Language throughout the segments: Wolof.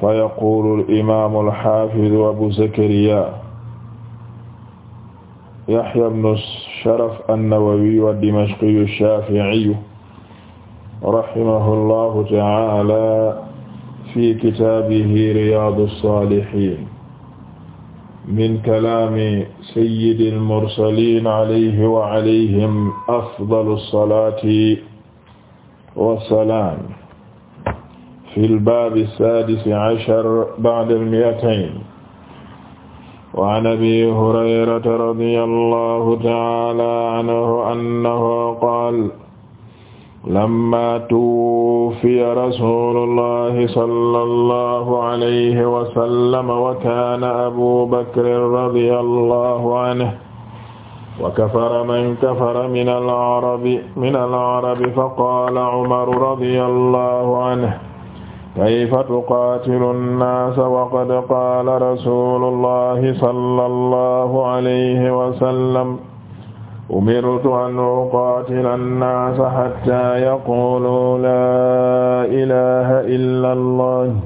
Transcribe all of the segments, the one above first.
fa yaqulu al-imaamu al-haafidu abu zakariyaa yahyaa ibnu sharaf an-nawawiyyu ad-dimashqiyyu ash-shaafi'iyyu rahimahu llaahu ta'aalaa fi kitaabihi riyaadu s-saalihiin min kalaami sayyidi al-mursaliin alayhi wa alayhim afdalu s-salaati wa s-salaam fil baabi saadisi cashar ba'da al-mi'atayn wa an abii hurayrata radiyallaahu ta'aalaa anhu annahu qaala lammaa tuwuffiya rasuulullaahi sallallaahu alayhi wa sallam wa kaana abuu bakrin radiyallaahu anhu wa kafara man kafara mina al-carabi mina al-carabi faqaala cumaru radiyallaahu anhu kayfa tuqaatilu nnaasa waqad qaala rasuulullahi sallallahu alayhi wa sallam umirtu an uqaatila nnaasa hattaa yaquuluu laa ilaaha illa allah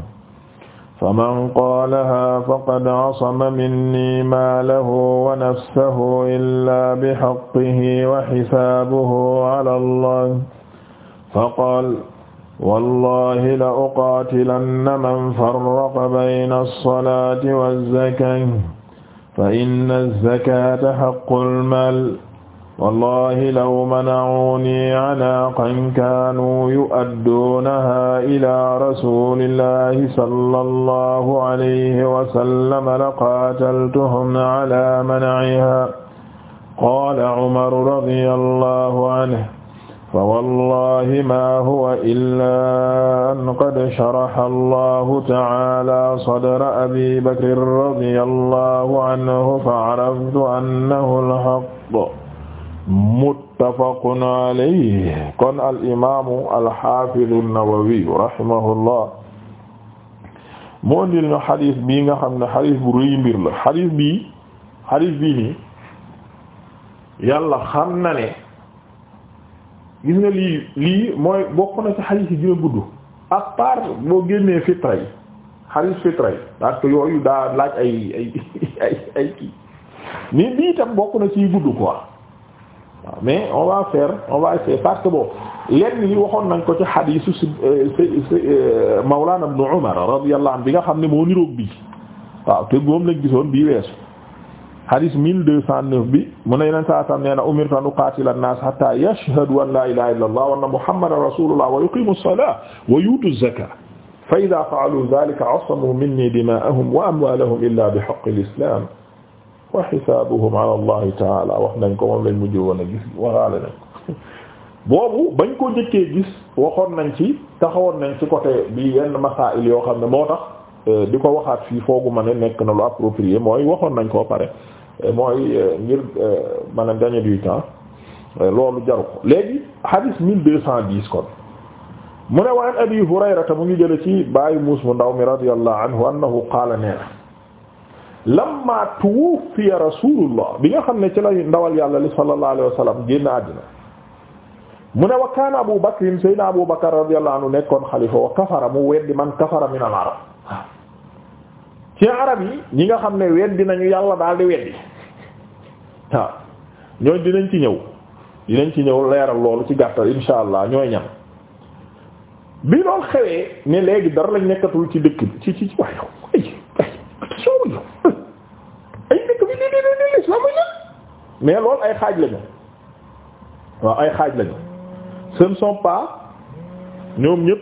faman qaalahaa faqad asama minnii maalahu wa nafsahu illaa bihaqqihi wa xisaabuhu ala allah faqaala wallahi la uqaatilanna man farraqa bayna as-salaati waz-zakaati fa inna az-zakaata haqqul maal wallahi law mana'uunii anaaqan kaanuu yu'adduunahaa ilaa rasuulillaahi sallallahu alayhi wa sallam laqaataltuhum alaa mana'ihaa qaala Umar radiyallaahu anhu fa wallahi ma huwa illaa an qad sharaha allahu ta'ala sadra abi bakrin radiyallahu anhu fa araftu annahu al-haqq muttafaqun alayhi kon al imaamu al-haafiz an-nawawi rahimahullah moo ndil ñu xadis bii nga xam ne xadis bu rëy mbir la xadis bii xadis bii nii yàlla xam na ne gis nga lii lii mooy bokk na ci xadiis yi gën a gudd à part boo génnee fitra yi xadiis fitra yi parce que yooyu daa laaj ay ay ay ay kii nii bii tam bokk na ci gudd quoi waaw mais on va faire on va essayer parce que bon lenn li waxoon nañ ko ci xadiisu si euh, euh, Mawlana Ibn Umar radiyallahu anhu bi nga xam ne moo niroog bii waaw te góom lañ gisoon bii weesu hadis 1209 bi mu ne yeneen saa saam nee na umirtu an uqaatila an-naas hatta yashhadu an laa ilaaha illallah wa anna muhammadan rasuulullah wa yuqiimu as-salaata wa yu'tu az-zakaata fa idhaa fa'aluu dhaalika 'asamuu minnii dimaa'ahum wa amwaalahum illaa bi haqqi al-islaam wa hisaabuhum 'alaa allahi ta'aalaa wax nañ ko moom lañ mujj woon a gis waxaale nañ ko boobu bañ ko njëkkee gis waxoon nañ ci taxawoon nañ ci côté bi yenn masaa'il yoo xam ne moo tax euh, di ko waxaat fii foogu ma ne nekk na lu approprié mooy waxoon nañ koo pare mooy euh, ngir euh, mën a gagner du temps euh, loolu jaru ko léegi hadith mille deux cent dix kon mu ne waan abi hurayrata mu ngi jële ci bàyyi muus mu ndaw mi radiyallahu anhu annahu qaala nee na lamma tuwuffiya bi nga xam ne ci lay ndawal yàlla li sallallahu alayhi wa sallam génn àddina mu ne wa kaana abu bakrin sayyidina abu bakr radiyallahu anhu nekkoon xalifa wa kafara mu weddi man kafara min al ci arab yi ñi nga xam ne weddi nañu yàlla daal di weddi waaw ñooy dinañ ci ñëw dinañ ci ñëw leeral loolu ci gàttal insha allah ñooy ñam bi loolu xewee ne léegi dara lañ nekkatul ci dëkk bi ci ci waaye ay ay dëkk bi lii lii lii l'islam mais loolu ay xaaj lañu waaw ay xaaj lañu ce ne ñoom ñëpp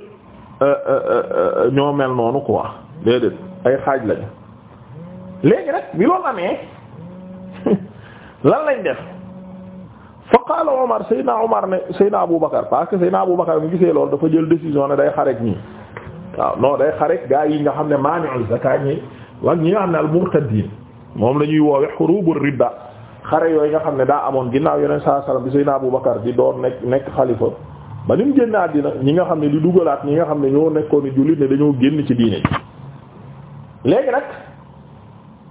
euh, euh, euh, ñoo mel noonu quoi déedéet ay xaaj lañu léegi rek bi loolu amee lan lañ def fa qaala Omar Seydina Omar ne Seydina Abu Bakar parce que Seydina Abu Bakar mu gisee loolu dafa jël décision ne day xarek ñii waaw non day xarek gaa yi nga xam ne maani'u zakat ñi wak ñi nga xam ne al murtaddiin moom la ñuy woowe xurubu ridda xare yooyu nga xam ne daa amoon ginnaaw yeneen saa salaam bi Seydina Abu Bakar di doon nekk nekk xalifa ba ni mu génn àddina ñi nga xam ne li dugalaat ñi nga xam ne ñoo nekkoon jullit ne dañoo génn ci diine léegi nag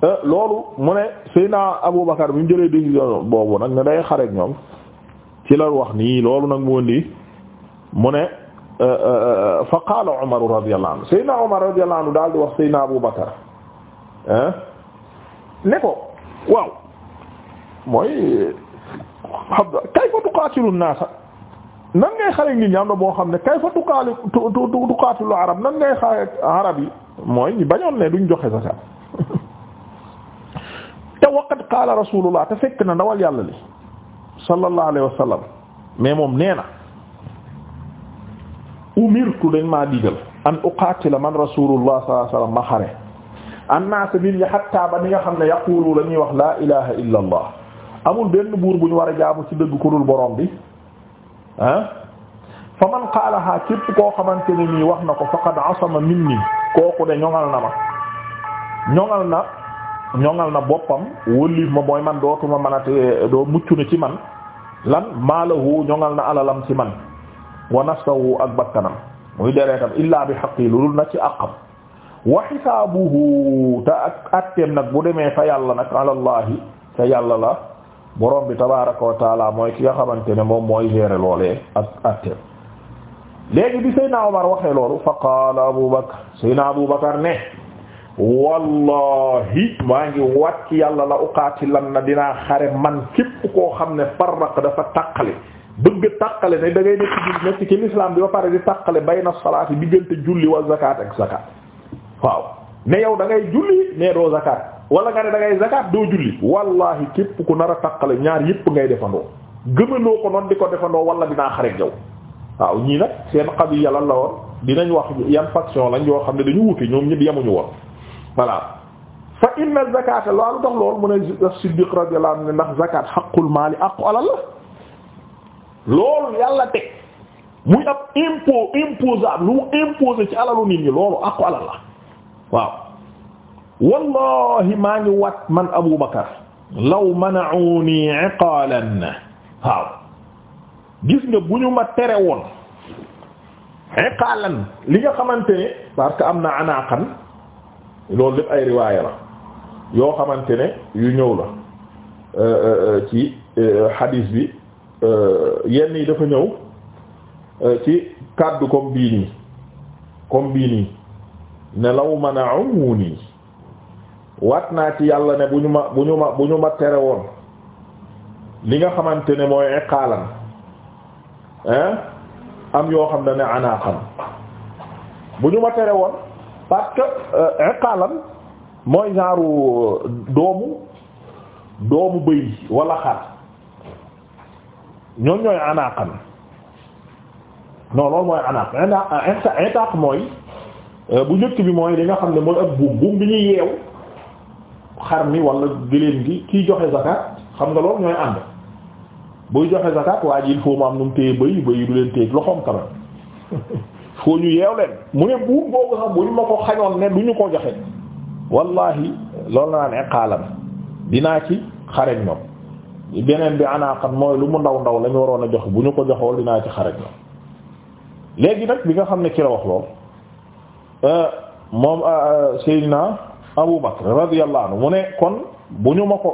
euh, loolu mu ne Seydina Aboubacar bi mu jëlee décision boobu nag ne day xare ñoom ci la wax nii loolu nag mu indi mu ne euh, euh, fa qaala Umar radiyallahu anhu Seydina Umar radiyallahu anhu daal di wax Seydina Aboubacar ne ko waaw mooy xam nga kayfa tuqaatilu naasa nan ngay xare nit ñi am na boo xam ne kay fa tukaali tukaatilu arab nan ngay xare arab yi mooy ñu bañoon ne duñ joxe zakat te waqat qaala rasulullah te fekk na ndawal yàlla li sallallahu alayhi mais moom nee na umirtu dañ maa digal an ma xare annaasa bir ñi xatta ba ni nga xam ne yaqulu la ñuy wax la ilaha amul benn buur bu ñu war a jaamu ci dëgg ku dul borom bi ah fa man qaalaha képp koo xamante ni nii wax na ko faqad asama minni kooku de ñoŋal na ma ñoŋal na ñoŋal na boppam wóllif ma mooy man dootuma man a te doo mucc na ci man lan maalahu ñoŋal na alalam ci man wa nafsahu ak bakkanam muy dereetam illaa bi haqqi lu dul na ci àqam wa xisaabuhu te ak atteem nag bu demee fa yàlla nag alallahi te yàlla la borom bi tabaaraka wa taala mooy ki nga xamante ne moom mooy gérer loolee ak atte léegi bi Seydina Omar waxee loolu fa qaala Abu Bakar Seydina Abu Bakar ne wallahi maa ngi wàcc yàlla la uqaatilan na dinaa xare man képp koo xam ne farraq dafa taqale bëgg taqale ne da ngay nekk ci nekk ci l'islam bi ba pare di taqale bayna salaati diggante julli wa zakat ak zakat waaw ne yow da julli ne doo zakat wala nga ne da ngay zakat doo julli wallahi képp ku nar a ñaar yëpp ngay defandoo gëmanoo ko noonu di ko defandoo wala dinaa xareeg yow waaw ñii nag seen xabi yàlla la woon dinañ wax yan faction lañ yoo xam ne dañu wuti ñoom ñëpp yemuñu woon voilà fa inna zakata loolu tax loolu mu ne Siddiq radiyallahu anhu ndax zakat xaqul maali aqu alal la loolu yàlla teg muy ab impôt imposable lu mu imposé ci alalu nit ñi loolu aqu alal la waaw wallahi maa ngi wat man Abu Bakar law mana'uni iqalan waaw gis nga bu ñu ma tere woon iqalan li nga xamante ne parce que am na anaqan loolu lépp ay riwaaya la yoo xamante ne yu ñëw la euh, euh, euh, ci hadis bi yenn yi dafa ñëw ci kàddu comme bii nii comme bii nii ne law mana'uni waat naa ci yàlla ne bu ñu ma bu ñu ma bu ñu ma tere woon li nga xamante ne mooy iqaalan am yoo xam ne ne anaaxam bu ñu ma tere woon parce que euh, mooy genre euh, doomu doomu bëy wala xar ñoom ñooy anaaxan non loolu mooy anaaq anaaq mooy euh, bu njëkk bi mooy li nga xam ne mooy ak buum buum bi ñuy yeew xar mi wala gëléem gi kiy joxe zakat xam nga loolu ñooy ànd buy joxe zakat waa ji il faut mu am nu mu téye bëy bëy du leen téye loxoom tamit foo ñu yeew leen mu ne buur boobu sax bu ñu ma ko xañoon ne du ñu ko joxe wallahi loolu naa ne xaalam dinaa ci xareñ ñoom beneen bi xam mooy lu mu ndaw ndaw lañu waroon a jox bu ñu ko joxool dinaa ci xareñ ñoom léegi nag bi nga xam ne ci wax lool euh, moom euh, euh, Seydina Abu Bakr radiyallahu anhu mu ne kon bu ñu ma ko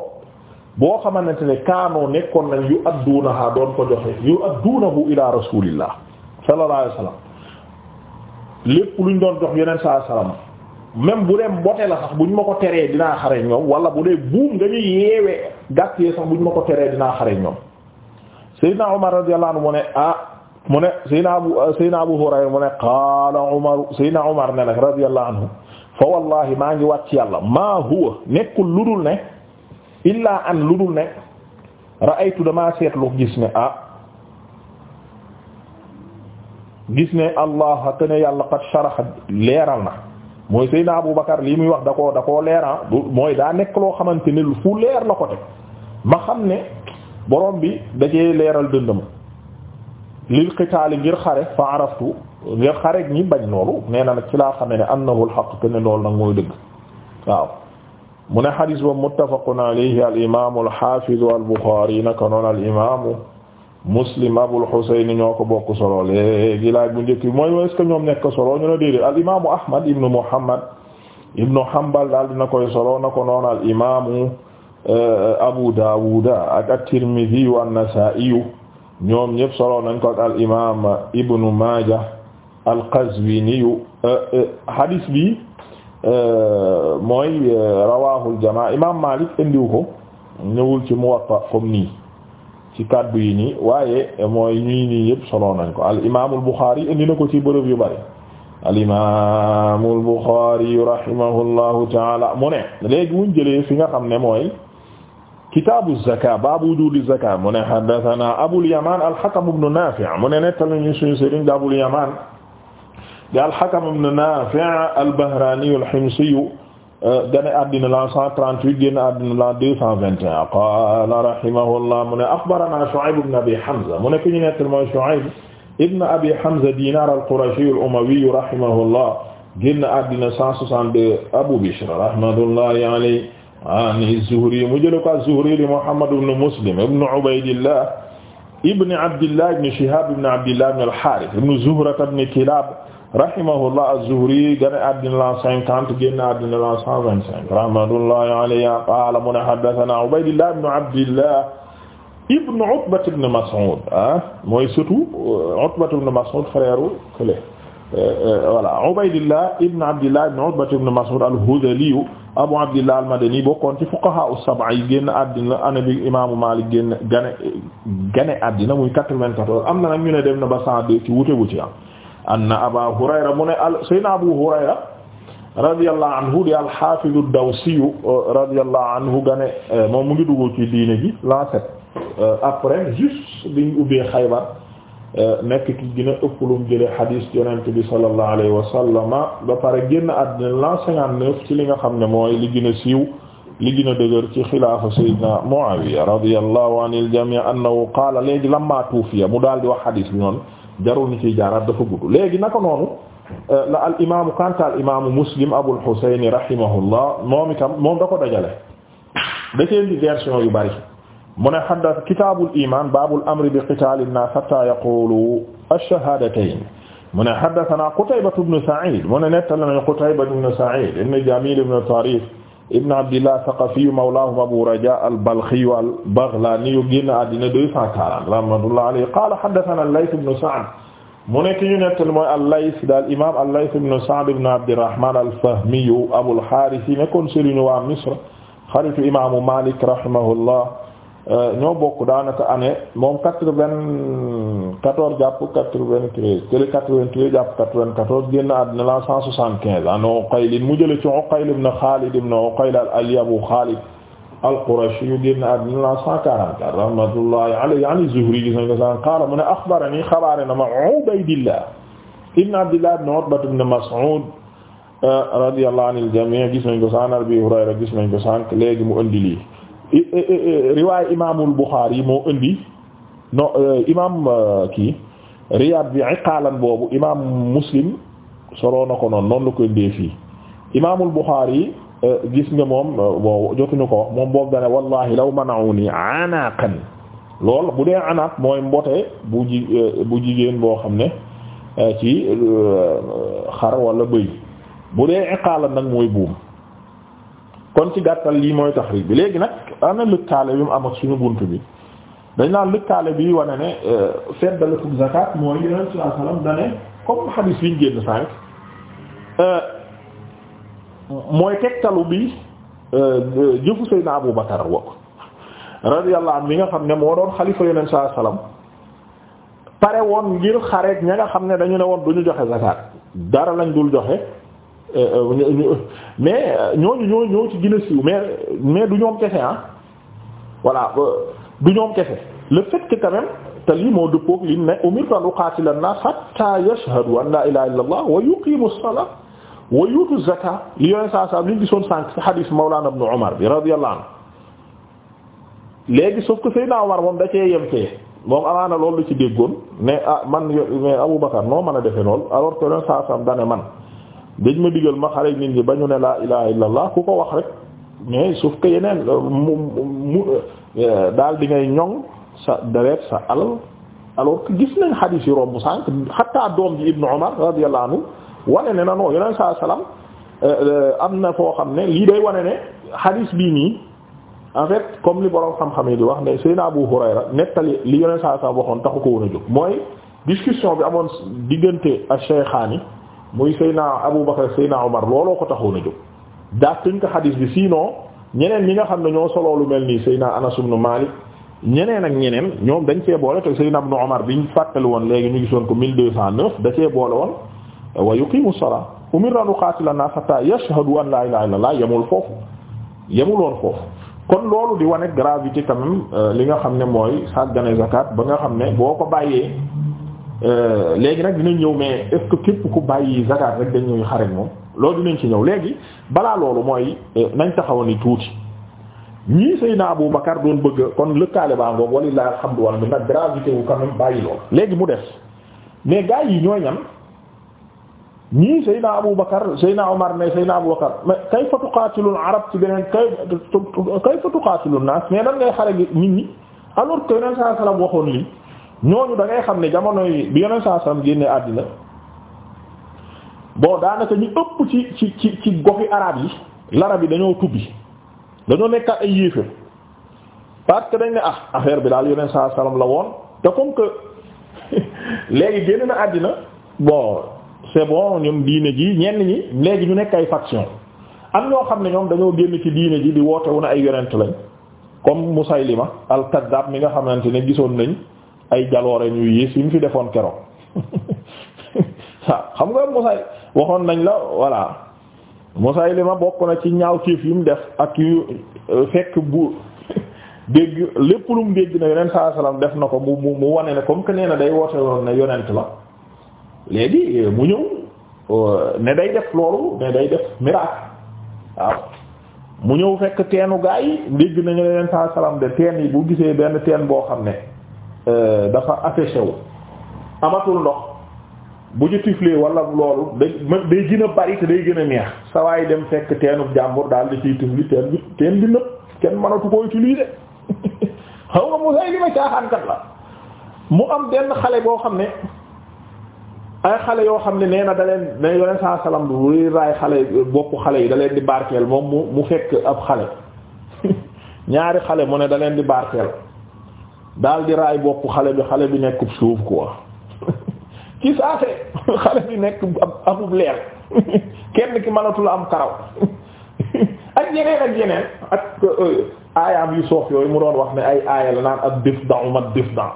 boo xamante ne kaanoo nekkoon nañ yu adduunaha doon ko joxe yu adduunahu ila rasulillah sallallahu alayhi wasallam lépp luñ doon jox yeneen saa salaam même bu dee mbote la sax bu ñu ma ko teree dinaa xare ñoom wala bu dee buum nga ñu yeewee gàtt yee sax bu ñu ma ko teree dinaa xare ñoom Seydina Omar radiyallahu anhu mu ne ah mu ne Seydina Abu Seydina Abu Hurayra mu ne qaala Omar Seydina Omar ne nag radiyallahu anhu fa wallahi maa ngi wàcc yàlla ma huwa nekkul lu dul ne illaa an lu dul ne ra'aytu damaa seetlu gis ne ah gis ne allah te ne yàlla qad sharaxa leeral na mooy Seydina Abu Bakar lii muy wax da koo da koo leeral ah, mooy daa nekk loo xamante ne fu leer na ko teg ma xam ne borom bi dajee leeral dëndam lil qitaali ngir xare fa araftu nga xareeg ñi xam ne annahu al-haqq te ne loolu nag mooy dëgg waaw xadis ba muttafaqun alayhi al imaamu al-haafizu al-Buxaari naka Muslim Abul Husayn ñoo ko bokk solo léegi laaj bu Ahmad ibnu Muhammad ibnu Hanbal daal dina koy solo na ko noonu euh, Abu Daawuda ak at-Tirmidhi wa an-Nasaa'i ñoom ñëpp solo nañ ko ak al-Qazwiniyu euh, euh, hadis bi euh, mooy rawaahul jamaa imaam Maalik indiw ko ñëwul ci Muwatta comme nii ci kaddu yi nii waaye mooy ñuy nañ ko al imaamul Buxaari indi na ko ci bërëb yu bari al imaamul Buxaari rahimahullahu taala mu ne léegi wuñ jëlee fi nga xam ne mooy kitaabu zaka baabu wujuudi zaka mu ne haddasanaa Abul Yamaan al-Hakam ibn Naafi' mu di al-Hakam ibn Naafi' al-Bahraani al-Himsi euh, gane àddina la 138 génn àddina la 221 qaala rahimahullah mu ne axbaranaa Shu'ayb ibn Abi Hamza mu ne ku ñu nettal mooy Shu'ayb ibn Abi Hamza Diinaar al-Qurashi al-Umawi rahimahullah génn àddina 162 Abu Bishr rahmatullahi alayhi an az-Zuhri mu jël ko az-Zuhri li Muhammad ibn Muslim ibn Ubaydillah ibn Abdillah ibn Shihab ibn Abdillah ibn al-Harith ibn Zuhra ibn Kilab rahimahullah az-Zuhri gane addina la cinquante génn addina la cent vingt cinq rahmatullahi alayhi qaala mu ne haddathana Ubaydillah ibn Abdillah ibn Utba ibn Mas'ud ah mooy surtout euh, Utba ibn Mas'ud frère kële euh, euh, voilà Ubaydillah ibn Abdillah ibn Utba ibn Mas'ud al-Hudhali Abu Abdillah al-Madani bokkoon ci fuqaha as-sab'a yi génn addina ana bi imaamu Maalik génn gane gane addina muy quatre-vingt-quatorze am na nag ñu ne dem na ba cent deux ci wuute wu ci am anna Aba Hurayra mu ne al Seydina Abu Hurayra radiyallahu di al-Hafiz ad-Dawsi radiyallahu anhu gane eh, moom mu ngi dugg ci diine ji l'an sept eh, Xaybar eh, nekk ki gën a ëpp lu mu jëlee hadis bi sallallahu alayhi wa ba pare génn àddina l'an cinquante-neuf ci li nga xam ne mooy li gën a siiw a ci xilaafa Seydina Muawiya radiyallahu anil jami' annahu qaala léegi tuufiya mu daal di wax hadis bi noonu. jarul ni ciy jaaraat dafa gudd léegi naka noonu euh, la al imaamu kanta al imaamu muslim abul husayni rahimahullah moom itam moom da ko dajale da seen di version yu bari mu ne xadda kitaabul iman baabul amri bi qitaalin naas hatta yaqulu ash-shahaadatayn mu ne haddathana qutaybatu ibn sa'id mu ne nettali nañu qutaybatu ibn sa'id ibn jamil ibn tarif ibn abdillah saqafiyu mawlaahum abu raja albalxiyu albaghlaaniyu génn àddina deux cent quarante rahmatullah alayhi qaala haddathana al-layth ibn sa'd mu nekk ñu nettali mooy al-layth daal imaam al-layth ibn sa'd ibn abdirrahman alfahmiyu abulhaaris yi nekkoon sëriñu waa misr xaritu imaamu malik rahimahullah no euh, bokk daanaka année moom quatre-vingt-quatorze jàpp quatre-vingt-treize télé quatre-vingt-treize quatorze génn àddina la cent soixante-quinze an Uqayl mu jële ci Uqayl ibn Khalid ibn Uqayl al-Ali Abu Khalid al-Qurashi yu génn àddina quarante-quatre rahmatullahi alayhi an Zuhri mu ne axbarani xabaare na ma Ubaydillah ibn Abdillah ibn Utba euh, gis nañ ko san Abi léegi mu indi riwaay imaamul Buxaari yi moo indi eh, imaam eh, kii Riyaad bi iqaalan boobu imaam Muslim soroo na ko noonu noonu ko indee fii imaamul Buxaari yi eh, gis nga moom boo jotuñu ko wax moom boobu dane wallahi law mana'uni anaqan lool bu dee anaaq mooy mbote bu ji jigéen boo xam ne ci xar wala bëy bu dee iqaalan nag mooy buum kon ci gàttal lii mooy taxriij bi léegi nag ana lëkkaale bi mu am ak suñu bunt bi dañ naan lëkkaale bi wane ne euh, feddale fukk zakat mooy yeneen saa salaam da ne comme xadiis bi ñu euh, bi euh, jëfu Seydina Abu Bakar wokk radiyallahu anhu nga xam ne moo doon xalifa yeneen saa salaam pare woon ngir xareet ña nga xam ne dañu ne woon duñu joxe zakat dara lañ dul joxe Euh, euh, mais euh, ñooñu ñoo ñoo ci gën a mais mais du ñoom kese ah voilà du ñoom kese le fait que te lii moo dëppook li ne umirtu an uqaatila an-naas hatta yashhadu an laa ilaaha illallah wa yuqiimu as-salaat wa yuutu az-zakaat li yoneen saa saa li ñu gisoon sànq ci xadiis Mawlaana ibn Umar bi radiyallahu anhu léegi sauf que Seydina Umar moom da cee yem fee moom amaana loolu ci déggoon ne ah man mais Abu Bakar noo mën a defe lool alors que yoneen saa saa dane man dañ ma digal ma xare nit ñi ba ñu ne laa ilaha illallah ku ko wax rek mais sauf que yeneen daal di ngay ñoŋ sa deret sa alal alors que gis nañ xadiis yi romb sànq xataa doom ji ibnu Umar radiyallahu anhu wane ne na non yeneen saa salaam am na foo xam ne lii day wane ne xadiis bii nii en fait comme li borom xam-xam yi di wax ne Seydina Abu Hurayra nettali li yeneen saa salaam waxoon taxu ko woon jóg mooy discussion bi amoon diggante ak Shaykhaani muy Seyna Abu Bakr Seyna Omar looloo ko taxoon a jóg daa tënk xadiis bi sinon ñeneen ñi nga xam ne ñoo solo lu mel nii Seyna Anas nu Malik ñeneen ak ñeneen ñoom dañ cee boole te Seyna Ibn Omar biñ fàttali woon léegi ñu gisoon ko mille 1209 da cee boole woon wa yuqimu salaa umirna an nuqaatila naas hattaa yashhadu an laa ilaaha illallaah yemul foofu yemul woon foofu. kon loolu di wane gravité quand même euh, li nga xam ne mooy sàggane zakat ba nga xam ne boo ko bàyyee. Euh, léegi nag dinañ ñëw mais est-ce képp ku bàyyi zakat rek dañ ñuy xarit loolu dinañ ci ñëw léegi balaa loolu mooy euh, nañ taxaw ni tuuti ñii Seydina Abu Bakar doon bëgg kon lëkkaale baa ngoog walilah alhamdulilah bi nag gravité wu quand même bàyyi loolu léegi mu def mais gars yi ñooy ñan ñii Seydina Abu Bakar Seydina Omar ne Seydina Abu Bakar mais kayfa tuqaatilul arab ci beneen kayfa tuqaatilun naas mais nan ngay xare gi nit ñi alors que yeneen saa salaam waxoon ñooñu da xam ne jamono yi bi yeneen saa sam génne àddina bon daanaka ñu ëpp ci ci ci ci goxi arab yi larab yi dañoo tubbi dañoo nekk ay yéeféer parce que dañ ne ah affaire bi daal yeneen saa salam la woon te comme que léegi génn na àddina bon c'est bon ñoom diine ji ñenn ñi léegi ñu nekk ay faction am ñoo xam ne ñoom dañoo génn ci diine ji di woote wu na ay yonent lañ comme ma al-Kaddaab mi nga xamante ne gisoon nañ ay jaloore ñu yées yi ñu fi defoon keroog waaw ah, xam nga Musay waxoon nañ la voilà Musaylima bokk na ci ñaaw ciif yi mu def ak yu euh, fekk bu dégg lépp lu mu dégg na yonent saa salaam def na ko mu mu mu wane ne comme que nee na day woote woon ne yonent la léegi euh, euh, ne day def loolu ne day def miracle waaw mu ñëw fekk teenu gaa yi dégg nañu ne yonent saa salaam de teen yi bu gisee benn teen boo xam ne. Euh, dafa asséché wu amatul ndox bu ci tiflee walla loolu day gën a bari te day gën a neex sa waay dem fekk teenub jàmbur daal di ciy tifli teen bi teen bi nëpp kenn mënatu ko utiliser xaw nga mu say la mu am benn xale boo xam ne ay xale yoo xam ne nee na da leen ne yoneen saa salam luy raay xale boppu xale yi daleen di barkeel moom mu mu fekk ab xale ñaari xale mu ne da leen di barkeel daal di raay bopp xale bi xale bi nekk suuf quoi ci saase xale bi nekk ab abub leer kenn ki mënatul am karaw ak yeneen ak yeneen ak euh, aayaam yu soof yooyu mu doon wax ne ay aaya la naan ab dif da'u ma dif da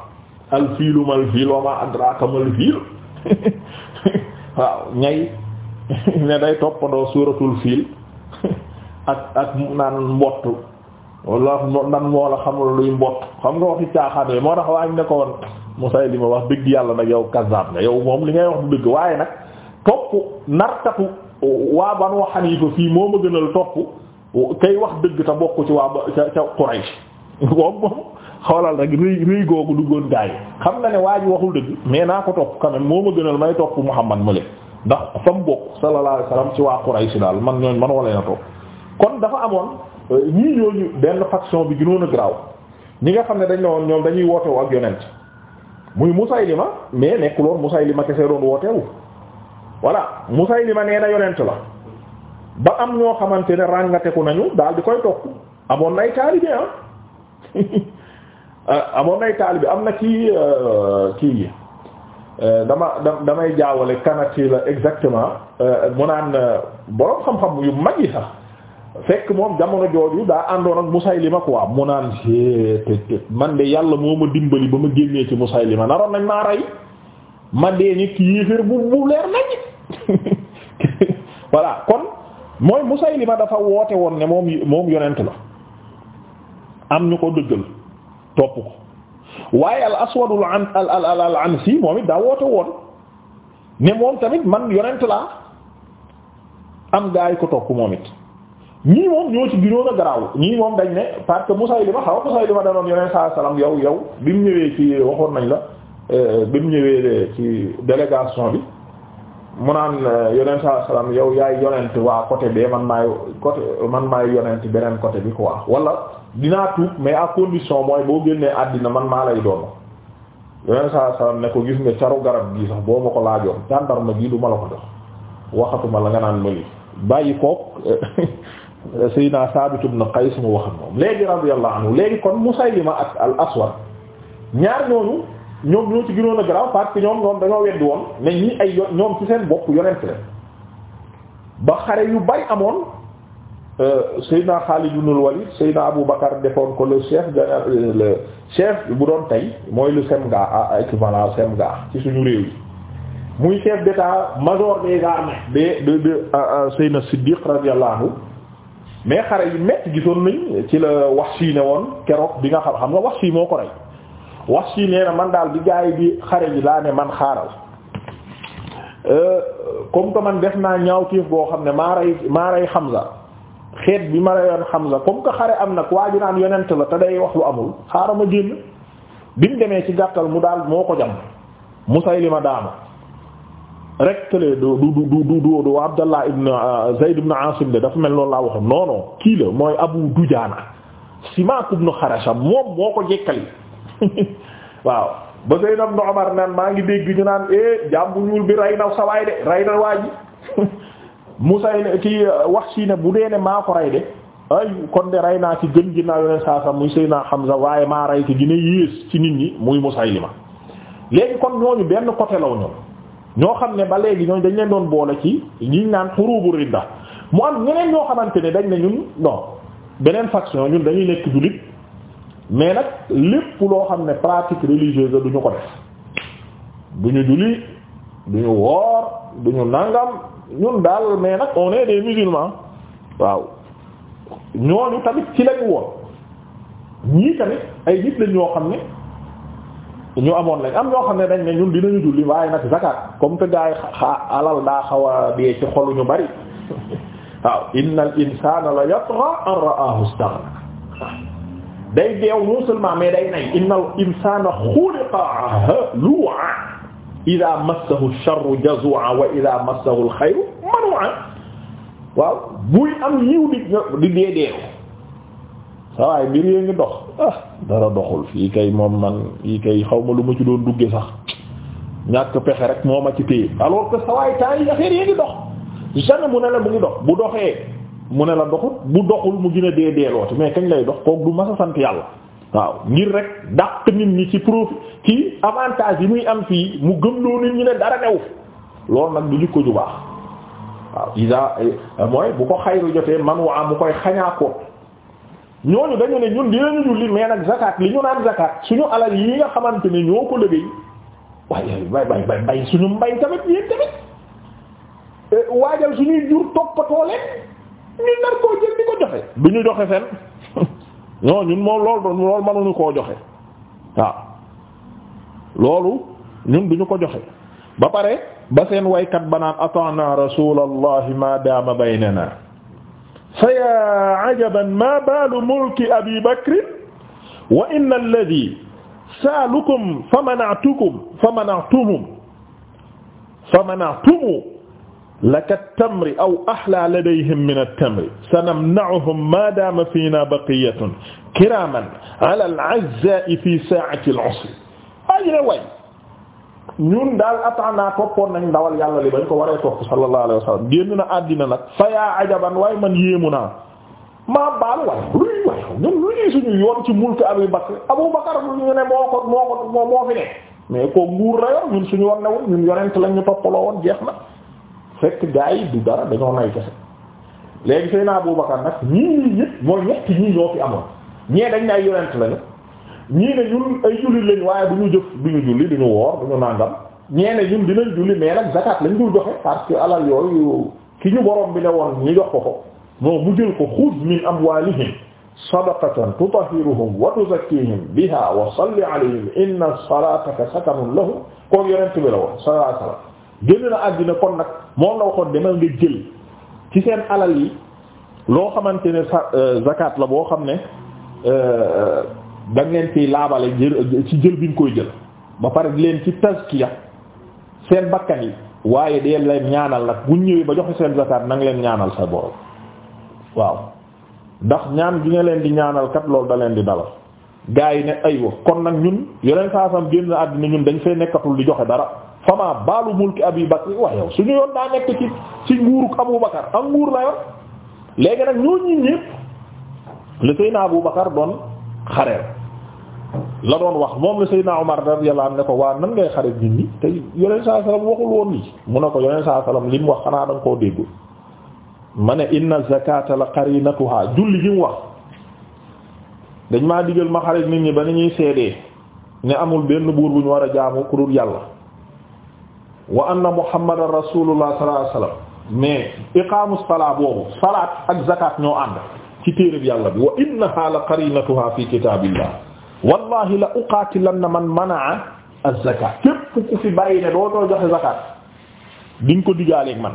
al fiilu mal ma fiil waaw ñay ne day toppandoo suuratul fiil ak ak naan mbott walla nan moo la xamul luy mbott xam nga waxi caaxaan yooyu moo tax waañ ne ko woon Musaylima wax dëgg yàlla nag yow kazzab nga yow moom li ngay wax du dëgg waaye nag topp nartatu waa Banu Hanifa fii moo ma gënal topp kay wax dëgg te bokk ci waa ca ca Quraysh moom moom xoolal rek rëy rëy googu duggoon gaa yi xam na ne waa ji waxul dëgg mais naa ko topp quand même moo ma gënal may topp Muhammad ma leen ndax fa mu bokk sallallahu alayhi wasallam ci waa Quraysh daal man ñooñ man wala na topp kon dafa amoon ñii ñooñu benn faction bi gënoon a graw ñi nga xam ne dañ la woon ñoom dañuy wootewu ak yonent muy Musaylima mais nekkul woon Musaylima kese doon wootewu voilà Musaylima nee na yonent la ba am ñoo xamante ne nga ràngateku nañu daal di koy topp amoon nay taalibe ah amoon nay taalibe am na euh, kii kii yi euh, dama damay jaawale kanati la exactement euh, mu naan borom xam-xam yu mag yi sax fekk moom jamono jooju daa àndoon ak Musaylima quoi mu naan man de yàlla moo ma dimbali ba ma génnee ci Musaylima naroon nañ maa rey ma dee ni yéeféer bu bu leer nañ voilà kon mooy Musaylima dafa woote woon ne moom moom yonent la ñu ko dëggal topp ko waaye al aswadul moom it daa woote woon ne moom am gaa yi ko topp moom it ñii moom ñoo ci gënoon a ñii moom dañ ne parce que ma xaw Musaylima da doon yeneen saa yow yow bi mu ñëwee ci waxoon nañ la euh, bi mu ñëwee ci délégation bi mu naan yeneen saa salaam yow yaay yonent waa côté bee man maay côté man maay yonent beneen côté bi quoi wala dinaa tuub mais à condition mooy boo génnee àddina man maa lay doon yeneen saa salaam ne ko gis nga caru garab gii sax boo ma ko laajoon tàndarma gii du ma la ko jox waxatuma la nga naan mëli bàyyi kook Seydina Saabit ibn Qays mu wax ak moom léegi radiyallahu anhu léegi kon Musaylima ak al Aswad ñaar ñooñu ñoom ñoo ci gënoon a garaaw parce que ñoom ñoom dañoo weddi woon ne ñi ay ñoom ci seen bopp yonent la ba xare yu bari amoon euh, Seydina Xaalid yu al-Walid Seydina Abu Bakar bu doon tey mooy le CEMGA à équivalent CEMGA ci suñu réew yi muy chef d'état major des armées de de de euh, euh, Seydina Siddiq radiyallahu mais xare yi metti gisoon nañ ci la Wahshi ne woon keroog bi nga xam xam wax Wahshi moo ko rey Wahshi nee na man daal bi gaay bi xare yi laa ne man xaaral euh, comme que man def naa ñaawteef boo xam ne maa rey maa rey Hamza xeet bi ma reyoon Hamza comme que xare am nag waa ji naan yonent la te day wax lu amul xaaral ma génn bi mu demee ci gàttal mu daal moo ko jam Musaylima daama rek kële du du du du du Abdallah ibn euh, Zayd ibn Asim de dafa mel noonu laa waxoon non kii la mooy Abu Dujaana Simaak ibn Xarasha moom moo ko jekkali waaw ba Zayd ibn Umar naan maa ngi dégg ñu naan eh jàmbu ñuul bi rey na sa waay de rey na waa ji Musa ne kii euh, bu dee ne ko rey de rey naa ci gën ginnaaw yeneen saa sax muy Seydina Hamza waaye maa rey ci gën yées ci nit ñi muy Musaylima léegi kon ñooñu benn côté law ñoom. ñoo xam ne ba léegi ñoo dañ leen doon boole ci ñiñ naan xurubu ridda mu am ñeneen ñoo xamante ne dañ ne ñun non beneen faction ñun dañuy nekk jullit mais nag lépp loo xam ne pratique religieuse la du ñu ko def du ñu julli du ñu woor du ñu nangam ñun daal mais nag on est des musulmans waaw ñooñu tamit ci lañu woon ñii tamit ay nit lañ ñoo xam ne. ñu amoon lañ am ñoo xam ne dañ ne ñun dinañu julli waaye nag zakat comme que gaay xa alal daa xaw a bee ci xolu ñu bari waaw innal insana la yatra an ra'ahu istaghna day deew non seulement mais day nay innal insana xuliqa lu'a ida massahu sharru jazua wa ida massahu alxayru manu'a waaw buy am yiw di di dee deew sawaay mbir yee ngi dox ah dara doxul fii kay moom man fii kay xaw ma lu ma ci doon dugge sax ñàkk pexe rek moo ma ci téye alors que sawaay temps yi affaire yee ngi dox jamais mu ne la mu ngi dox bu doxee mu ne la doxut bu doxul mu gën a dee deelooti mais kañ lay dox kooku du mas sant yàlla waaw ngir rek dàq nit ñi ci profit ci avantage yi muy am fii mu gëmloo nit ñi ne dara new loolu nag du jikko ju baax waaw isa eh, mooy bu ko xayru jotee man waa mu koy xañaa ñooñu dañu ne ñun dinañu julli mais nag zakat li ñu naan zakat suñu alal yi nga xamante ne ñoo ko liggéey waaye bay bay bay bay suñu mbay tamit yéen tamit eh, waajal suñuy jur toppatoo leen ñu nar koo jël di ko joxe du ñu joxe fen non ñun moom loolu doon loolu mënuñu koo joxe waaw loolu ñun duñu ko joxe ba pare ba seen waykat banaan atana rasulallahi ma dama baynana fa yaa ajaban maa baalu mulki abi bakrin wa inna alladhi saalukum fa mana'tukum fa mana'tumum fa mana'tumu laka tamri aw ahlaa ladayhim min at-tamri sanamna'uhum maa daama fiinaa baqiyyatun kiraaman ala al-'azzaa'i fii saa'ati al-'usri ñun daal ataana toppoon nañ ndawal yàlla li bañ ko waree topp sallallahu alayhi wasallam génn na àddina nag fa yaa ajaban waaye man yéemu naa maa baal waaye luy waaye ñun lu ñuy suñu yoon ci mulk Abu Bakr Abu Bakr lu ñu ne moo ko moo ko moo fi ne mais ko nguur la ñun suñu war ne woon ñun yonent lañ toppaloo woon jeex na fekk gaa yi du dara dañoo nay kese léegi sëy Abu Bakr nag ñii ñii ñii ñoo fi amoon ñee dañ ne ay yonent lañu ñii ne ñun ay jullit lañ waaye du ñu jëf du ñu julli du ñu woor du ñu nàngam ñee ñun dinañ julli mais nag zakat lañ dul joxe parce que alal yooyu ki ñu borom bi ne woon ñu jox ko ko non mu jël ko xud min amwalihim sadaqatan tutahhiruhum wa tuzakkihim biha wa salli alayhim inna salataka sakanun lahum kooku yonent la woon sallallahu alayhi wasallam na àddina kon nag moom la waxoon demal nga jël ci seen alal yi loo xamante ne euh, zakat la boo xam ne euh, da ngeen ciy laabale jël ci jël bi nga koy jël ba pare leen ci taskiya seen bakkan yi waaye dee leen ñaanal nag bu ñëwee ba joxe seen zakat na leen ñaanal sa borom waaw ndax ñaan gi nga leen di ñaanal kat loolu da leen di dalal gaa yi ne aywa kon nag ñun yeneen saasam génn àddina ñun dañ fay nekkatul di joxe dara fama baalu mulki Abi Bakr wax yow suñu yoon daa nekk ci ci nguuruk Abu Bakar ak nguur la yoon léegi nag ñoo ñi ñépp le Seydina Abu la doon wax moom la Seydina Omar radiyallahu anhu ne ko waa nan ngay xarit nit ñi te yoneen saa salaam waxul woon lii mu ne ko yoneen saa salaam li mu wax xanaa danga koo dégg ma ne inna zakata la qarinatuha julli gi mu wax dañ maa digal ma xarit nit ñi ba ni ñuy seedee ne amul benn buur bu ñu war a jaamu ku dul yàlla wa anna muhammadan rasulullah sallallahu alayhi wasallam mais iqaamu salaa boobu salaat ak zakat ñoo ànd ci téereb yàlla bi wa innaha la qarinatuha wallahi la na man manaa az-zakat képp ku fi bàyyi ne doo doo joxe zakat di nga ko digaaleeg man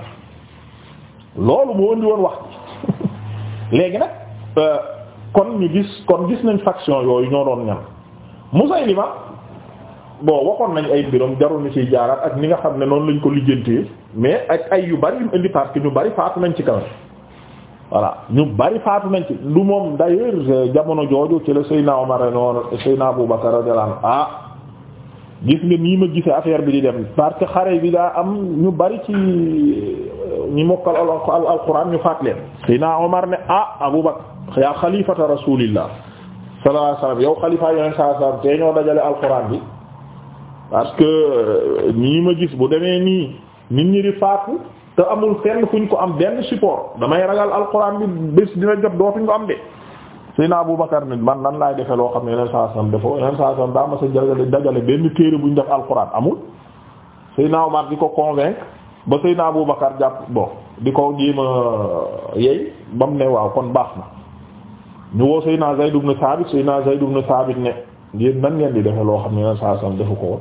loolu moo indi woon wax léegi nag euh, kon ñu gis kon gis nañ faction yooyu ñoo doon ñan Musaylima bon waxoon nañ ay mbiram jarul ñu ciy jaaraat ak ni nga xam ne noonu lañ ko lijjantee mais ak ay yu bari yu indi parce que ñu bari faatu nañ ci kaw voilà ñu bari faatu nañ ci lu moom d'ailleurs euh, jamono jooju ci la Seydina Omar noonu Seydina Abu Bakar radiyallahu anhu ah gis nga nii ma gisee affaire bi di dem parce que xare bi daa am ñu bari ci euh, ñi mokkal al alquran ñu faat leen Seydina Omar ne ah Abu Bakar yaa xalifata rasulillah sallallahu alayhi wasallam yow xalifa yoneen sallallahu alayhi wasallam te ñoo dajale alquran bi parce que nii euh, ma gis bu demee nii nit ñi di faatu te amul fenn fu ñu ko am benn support damay ragal alquran bi bés dina jot dootuñ ko am de Seydina Aboubacar nit man nan laay defee loo xam ne yeneen saa sam defoo yeneen saa sam daa ma sa jagale dajale benn téere bu ñu def alquran amul Seydina Omar di ko convaincre ba Seydina Aboubacar jàpp bon di ko jéema yey ba mu ne waaw kon baax na ñu woo Seydina Zayd ibn Thabit Seydina Zayd ibn Thabit ne yéen nan ngeen di defee loo xam ne yeneen saa sam defu ko woon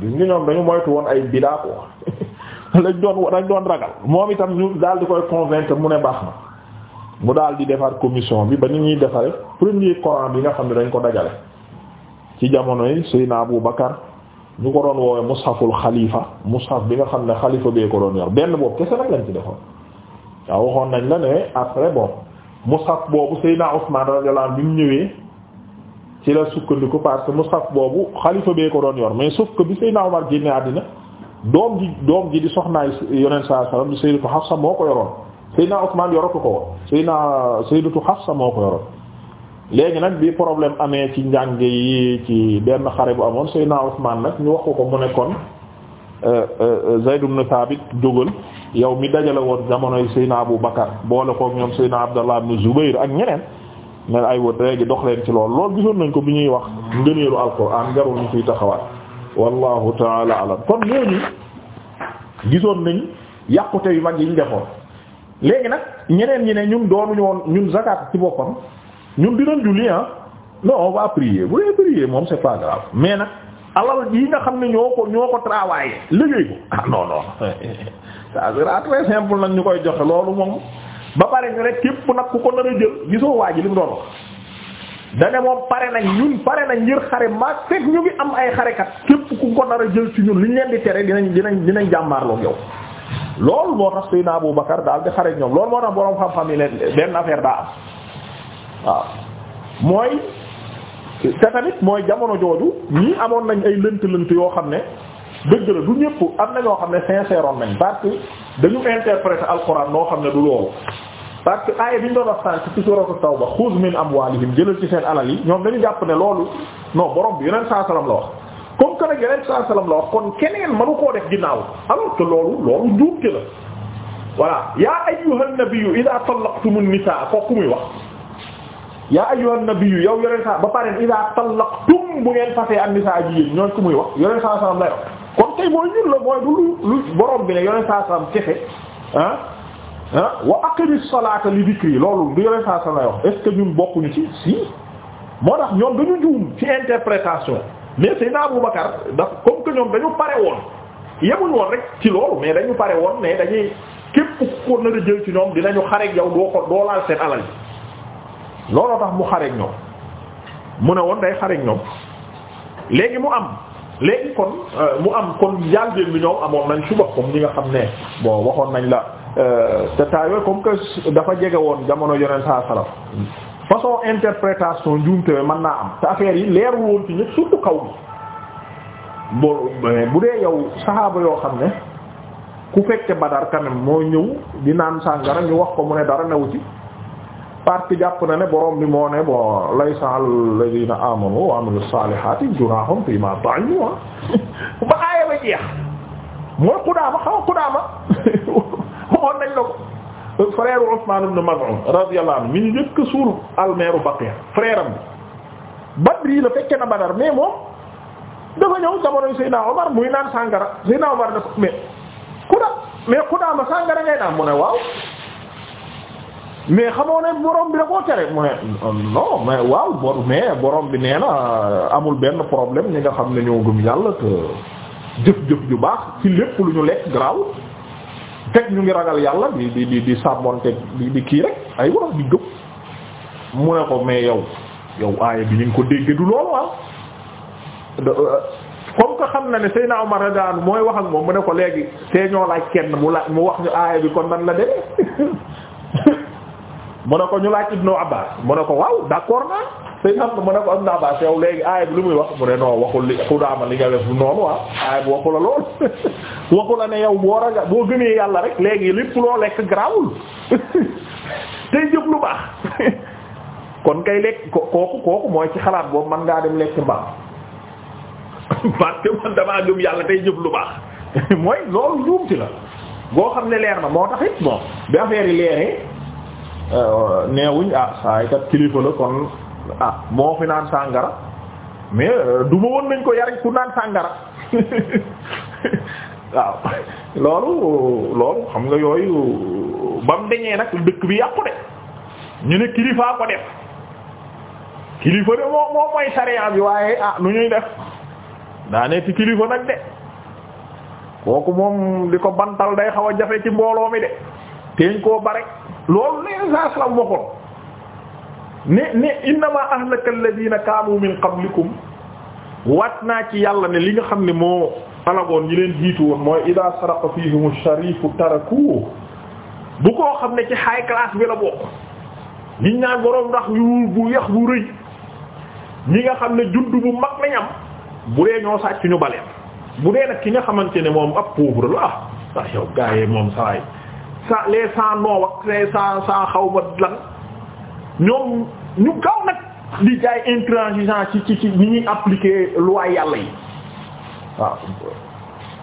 gis nga ñoom dañu moytu woon ay bidaa ko lañ doon lañ doon ragal moom itam ñu daal di koy convaincre mu ne baax na mu daal di defar commission bi ba ni ñuy defaree premier Coran bi nga xam ne dañ ko dajale ci jamono jamonoy Seydina Abu Bakar ñu ko doon woowee mushaful xalifa mushaf bi nga xam ne xalifa bee ko doon yor benn boobu kese nag lañ ci defoon waaw waxoon nañ la ne après bon mushaf boobu Seydina Usman radiyallahu anhu bi ñu ñëwee ci la sukkandiku parce que mushaf boobu xalifa bee ko doon yor mais sauf que bi Seydina Umar génne àddina doom ji doom ji di soxnaay yeneen sallallahu alayhi wasallam sayyidatu Hafsa moo ko yoroon sayyidina Usman yoratu ko woon sayyidina sayyidatu Hafsa moo ko yoroon léegi nag bi problème amee ci njàng yi ci benn xare bu amoon sayyidina Usman nag ñu wax ko mu ne kon euh, euh, euh, Zayd ibn Thabit jógal yow mi dajale woon jamonoy sayyidina Abu Bakar boole koog ñoom sayyidina Abdallah ibn Zubayr ak ñeneen ne ay wër léegi dox leen ci lool lool gisoon nañ ko bi ñuy wax ngëneelu Alxuraan jarul ñu ciy taxawaat wallahu taala alam kon ñooñu gisoon nañ yàqute yu mag yi ñu defoon léegi nag ñeneen ñi ne ñun doonuñu woon ñun zakat ci boppam ñun dinañ julli ah non on va prier bu dee prier moom c'est pas grave mais nag alal yi nga xam ne ñoo ko ñoo ko travaillé liggéey ko ah non non ça sera très simple nag ñu koy joxe loolu moom ba pare ñu rek képp nag ku ko nar a jël gisoo waa ji li mu doon wax da moom pare nañ ñun pare nañ ngir xare maag fekk ñu ngi am ay xarekat képp ku ko a jël ci ñun li ñu leen di tere dinañ dinañ dinañ jàmmaarloog yow loolu moo tax Seydina Abu Bakar daal di xare ñoom loolu moo tax boroom xam-xam yi leen benn affaire daa am waaw mooy te mooy jamono jooju ñii amoon nañ ay lënt-lënt yoo xam ne dëgg la du ñëpp am na ñoo xam ne sincère nañ parce que dañu interpréter alxuraan noo xam ne du loolu parce que aaya bi ñu doon wax sànq ci suuratu tawba xuz min amwaalihim jëlal ci seen alal yi ñoom dañu jàpp ne loolu non borom bi yeneen saa salaam la koo def ginnaaw alors la voilà yaa ayyuhan nabiyyu idaa tallaqtumun nisaa kooku muy yow yeneen saa ba pare idaa tallaqtum bu ngeen fasee an nisaa jigéen ñooñ ku muy wax yeneen bi ne yeneen saa salaam wa aqimis salaata li yi loolu du yore saa sa lay wax est ce que ñun bokkuñu ci si moo tax ñoom dañu juum ci interprétation mais Seydina Abu Bakar daf comme que ñoom dañu pare woon yemuñ woon rek ci loolu mais dañu pare woon mais dañuy képp ku na nar jël ci ñoom dinañu xareeg yow doo ko doo laal seen alal ji looloo tax mu xareeg ñoom mu ne woon day xareeg ñoom léegi mu am. léegi kon euh, mu am kon yàlla bi ñoom amoon nañ suba comme ñi nga xam ne bon waxoon nañ la. Euh, te taa comme que dafa jege woon jamono yoneen saa salaf façon interprétation njuumte mën naa am te affaire yi leerul woon ci ñëpp surtout kaw bi boo bu dee yow saxaaba yoo xam ne ku fekke Badar quand moo ñëw di naan sàngara ñu wax ko mu ne dara new ci parce jàpp na ne borom bi moo ne bon laysa alladhina amanu wa amilu salihati junahum fi ma ba aaya ba jeex mooy xudaama xaw xudaama waxoon nañ la ko frère Ousmane ibn Maz'un radiyallahu anhu mi ñu njëkk suul almeeru Baqiya frère am bi Badri la fekke na Badar mais moom dafa ñëw jamonoy Seydina Omar muy naan sàngara Seydina Omar dafa mais ku mais ku daama sàngara ngay naan mu ne waaw mais xamoo ne borom bi da koo tere mu ne non mais waaw bor bi nee na amul benn problème ñi nga xam ne gëm yàlla te jëf-jëf ju baax ci lépp lu ñu lekk garaawul fekk ñu ngi ragal yàlla di di di di sàmmonte di di kii rek ay wax di gëm mu ne ko mais yow yow aaya bi ñu ngi ko dégg du loolu ah euh, comme que xam na ne Seydina Omar radiyallahu anhu mooy wax ak moom mu ne ko léegi tee ñoo laaj kenn mu laaj mu wax ñu aaya bi kon nan la demee mu ne ko ñu laaj Ibnu Abbas mu ne ko waaw d'accord naa sëñ am mu ne ko am naa léegi aaya bi lu muy wax mu ne non waxul li xudaama li nga def noonu ah aaya bi waxu lool waxu ne yow boo ragal boo gëmee yàlla rek léegi lépp loo lekk garaawul tey jëf lu baax kon kay lekk kooku kooku mooy ci xalaat boobu man ngaa dem lekk mbaam parce man damaa gëm yàlla tey jëf lu baax mooy loolu juumti la boo xam ne leer na moo tax it bon bi affaire yi leeree euh, neewuñ ah saa kat kilifa la kon. ah moo fi naan sàngara mais euh, du ma nañ ko yar ku naan sàngara waaw loolu loolu xam nga yooyu ba mu deñee nag dëkk bi yàqu de ñu ne kilifa ko def kilifa de moo moo mooy sariya bi waaye ah nu ñuy def daa ne ci kilifa nag de kooku moom di ko bantal day xaw a jafe ci mbooloo mi de teeñ koo bare loolu leen saas la waxoon ne ne innama ahlaka alladhina kaanu min qablikum wat naa ci yàlla ne li nga xam ne moo alagoon ñi leen jiitu woon mooy ida saraqa fihimu sharifu taraku bu koo xam ne ci high class bi la bokk ñi ñaan boroom ndax yu bu yax bu rëy ñi nga xam ne juddu bu mag nañ am bu dee ñoo sàcc ñu baleen bu dee nag ki nga xamante ne moom ab pauvre la ah ndax yow gaayee moom sawaay sa les sans nom ak les sans sans xaw ma lan ñoom ñu gaaw nag di jaay intransigeant ci ci ci ñi ñuy appliquer loi yàlla yi waaw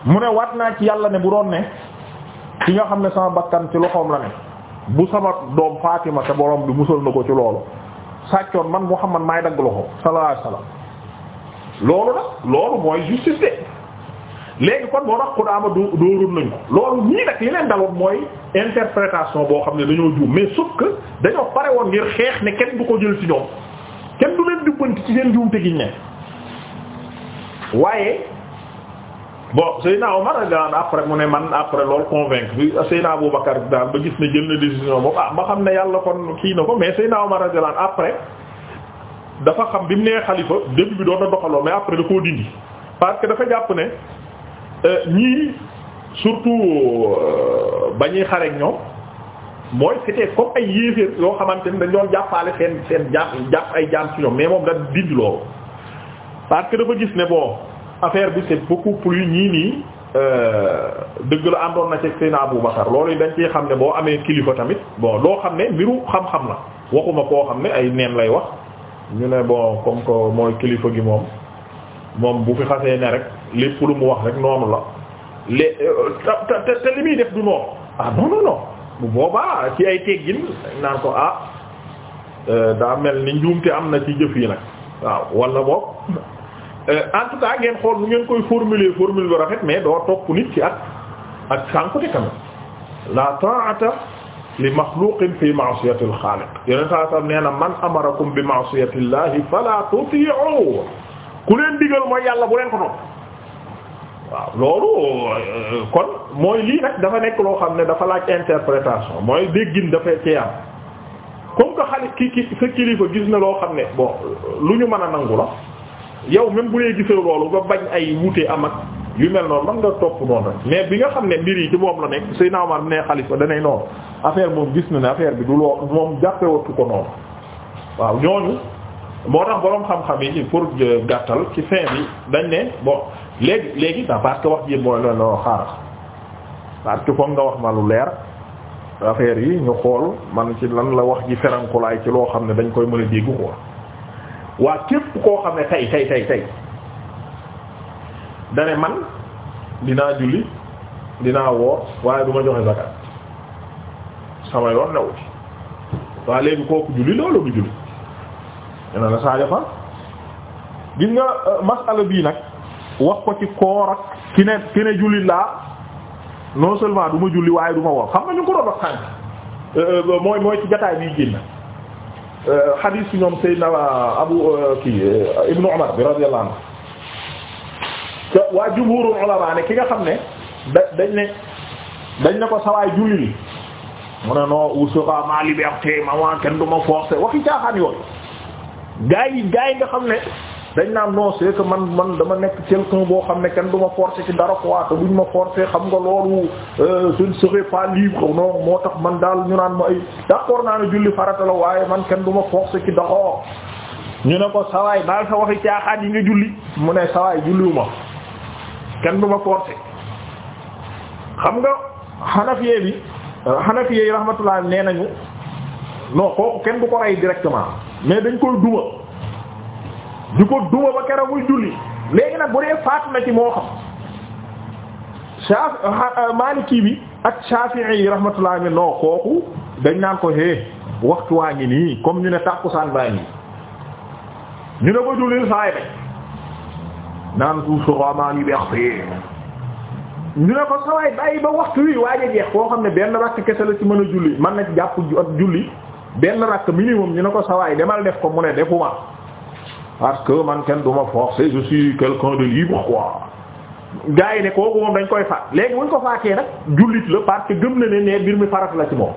mu ne waat naa ci yàlla ne bu doon ne ki nga xam ne sama bakkan ci loxoom la ne bu sama doom ma te boroom bi musal na ko ci loolu sàccoon man Muhammad maay dagg loxo sallallahu alayhi loolu nag loolu mooy justice de léegi kon moo tax Qudaama doo dóorul nañ ko loolu ñii nag li leen daloon mooy interprétation boo xam ne dañoo juum mais sauf que dañoo pare woon ngir xeex ne kenn du ko jël ci ñoom kenn du leen dubbanti ci seen juumte gi ne waaye bon Seydina Omar a après mu ne man après loolu convaincre bi Seydina Aboubacar daal ba gis ne jël na décision boobu ah ba xam ne yàlla kon kii na ko mais Seydina Omar a après dafa xam bi mu nee xalifa début bi doo na doxaloo mais après da koo que dafa jàpp Euh, ñii surtout euh, ba ñuy xare ak ñoom mooy c'était comme ay yéeféer yoo xamante ni dañ doon jàppale seen seen jàpp jàpp ay jaam ci ñoom mais moom da dindi loolu parce que dafa gis ne bon affaire bi c'est beaucoup plus ñii nii euh, dëgg la àndoon na ci Seydina Abu Bakar loolu yi dañ ciy xam ne boo amee kilifa tamit boo loo xam ne mbiru xam-xam la waxuma koo xam ne ay neen lay wax ñu ne bon comme que mooy kilifa gi moom moom bu fi xasee ne rek lépp lu mu wax rek noonu la le te li muy def du noonu ah non non non bu boobaa ci ay teggin naan ko ah euh, daa mel ni njuumte am na ci jëf yi nag waaw wala boog euh, en tout cas ngeen xool bu ngeen koy formuler formule bi rafet mais doo topp nit ci ak ak sànkute tamit la ta'ata li maxluqin fi ma'siyati al-xaaliq yeneen saa sam nee na man amarakum bi ma'siyati llahi fala tuti'u ku leen digal mooy yàlla bu leen ko topp waaw loolu euh, kon mooy lii nag dafa nekk loo xam ne dafa laaj interprétation mooy déggin dafa ci am comme que ki ki sa kilifa gis na loo xam ne bon lu ñu mën a nangu la yow même bu dee gisee loolu nga bañ ay wute am ak yu mel noonu man nga topp noonu rek mais bi nga xam ne mbir yi ci moom la nekk Seydina Omar ne xalifa danay noonu affaire moom gis na ne affaire bi du loo moom jàppewatu ko noonu waaw ñooñu moo tax boroom xam-xam yi pour gàttal ci fin bi dañ ne bon léegi léegi sax parce que wax ji mooy loolu loo xaaral parce que nga wax ma lu leer affaire yi ñu xool man ci lan la wax ji ferankulaay ci loo xam ne dañ koy mën a dégg quoi waa képp koo xam tey tey tey tey man dinaa julli dinaa woor waaye du ma joxe zakat sama yoon new ci waa léegi kooku julli loolu du julli na la Sadio Fall nga euh, masala bii nag wax ko ci koor ak ki ne ki ne julli laa non seulement du ma waaye du ma xam nga ñu ngi ko doon wax sànq euh, euh, mooy mooy ci jataay bi génn xadiis bi ñoom Seydina Abu Ibnu Umar bi radiyallahu anhu te waa jumhuurul ulamaa ne ki nga xam ne da dañ ne dañ ne ko sawaay julli li mu ne non usuka ma liberté ma kenn du ma forcer waxi caaxaan yooyu gaa yi gaa yi nga xam ne dañ naan non c'est man man dama nekk quelqu'un boo xam ne kenn du ma forcer ci dara quoi te buñ ma forcer xam nga loolu euh, je ne serai pas libre moo tax man daal ñu naan ma ay d'accord naa ne julli farata la waaye man kenn du ma forcer ci dara ñu ne ko sawaay baal sa waxi caaxaan yi nga julli mu ne sawaay julliwuma kenn du ma forcer xam nga xanafiyee bi xanafiyee yi rahmatullah nee nañu non kooku kenn du ko rey directement mais dañ koy duma di ko duma ba keroog muy julli léegi nag bu dee faatu na ci moo xam Shafi Maliki bi ak Shafi'i yi rahmatullah mi non kooku dañ naan ko hee waxtu waa ngi nii comme ñu ne tàkkusaan baa ngi ñu ne ko jullil saay bañ naan suuf soo maa ngi beex fii ñu ne ko sawaay bàyyi ba waxtu wi waaj jeex koo xam ne benn rakk kese la ci mën a julli mën na ci jàpp julli benn rakk minimum ñu ne ko sawaay demal def ko mu ne defuma parce que man kenn du ma forcer je suis quelqu'un de libre quoi gars yi ne kooku moom dañ koy faat léegi buñ ko faatee nag jullit la parce que gëm na ne ne mbir mi farat la ci moom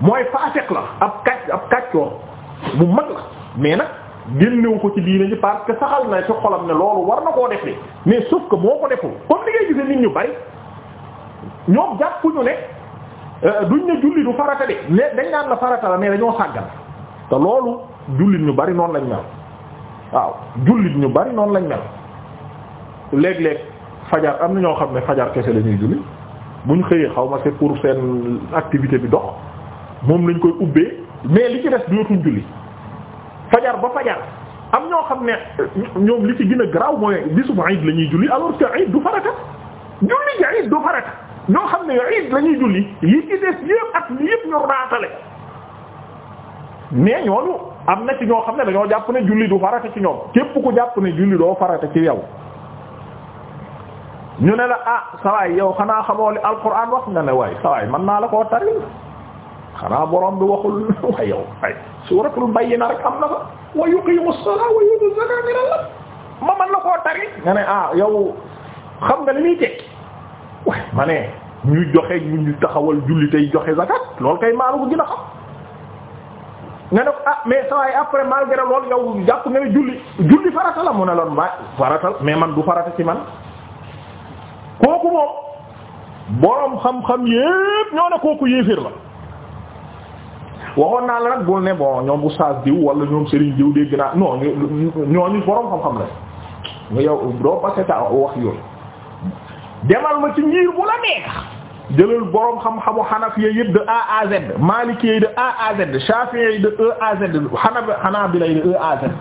mooy faasek la ab kàcc ab kàccoor bu mag la mais nag génnewu ko ci diine ji parce que saxal na ci xolam ne loolu war na koo defee mais sauf que moo ko deful comme li ngay gisee nit ñu bari ñoom jàppuñu ne. Euh, duñ ne julli du farata de dañ naan la farata la mais dañoo sàggal te loolu jullit ñu bari noonu lañ mel waaw jullit ñu bari noonu lañ mel léeg-léeg fajar am na ñoo xam ne fajar kese la ñuy julli buñ xëyee xaw ma c'est pour seen activité bi dox moom lañ koy ubbee mais li ci des dootuñ julli fajar ba fajar am ñoo xam ne ñoom li ci gën a garaaw mooy bisu Eid la ñuy julli alors que Eid du farata julli ja Eid du farata. ñoo xam ne iid la ñuy julli yi ci des yëpp at mi yëpp ñu raatale mais ñooñu am na ci ñoo xam ne dañoo jàpp ne julli du farata ci ñoom képp ku jàpp ne julli doo farata ci yow ñu ne la ah sawaay yow xanaa xamoo li alquran wax nga ne waay sawaay mën naa la koo taril xanaa borom bi waxul waay yow ay suuratul bayyina rek am na fa wa yuqimu salaa wa yutu zakaa min la ma mën la koo taril nga ne ah yow xam nga li muy waaye ma ñu joxe ñu taxawal julli tey joxe zakat loolu kay maalu ko gën xam nga ne ah mais saa yi après malgré loolu yow jàpp nga ne julli julli farata la mu ne loon ma farata mais man du farata ci man kooku moom boroom xam-xam yépp ñoo ne kooku yéeféer la waxoon naa la nag bul ne bon ñoom oustaz diw wala ñoom Serigne diw dégg naa non ñooñu boroom xam-xam la nga yow doo parce que wax yooyu demal ma ci ngir bu la neex jëlal borom xam-xamu xanafiya yëpp de A à Z maalikee de A à Z shafi'i de E à Z e Z